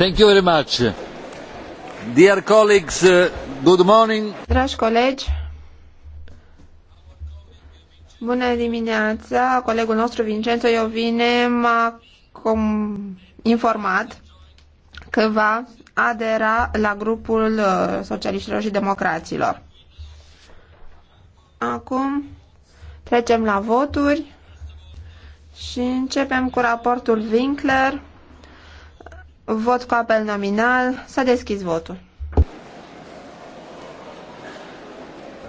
Thank you very much. Dear colleagues, uh, good morning. Dragi colegi, bună dimineața. Colegul nostru Vincenzo Iovine m-a informat că va adera la grupul uh, socialiștilor și democraților. Acum trecem la voturi și începem cu raportul Winkler. Vot cu apel nominal. S-a deschis votul.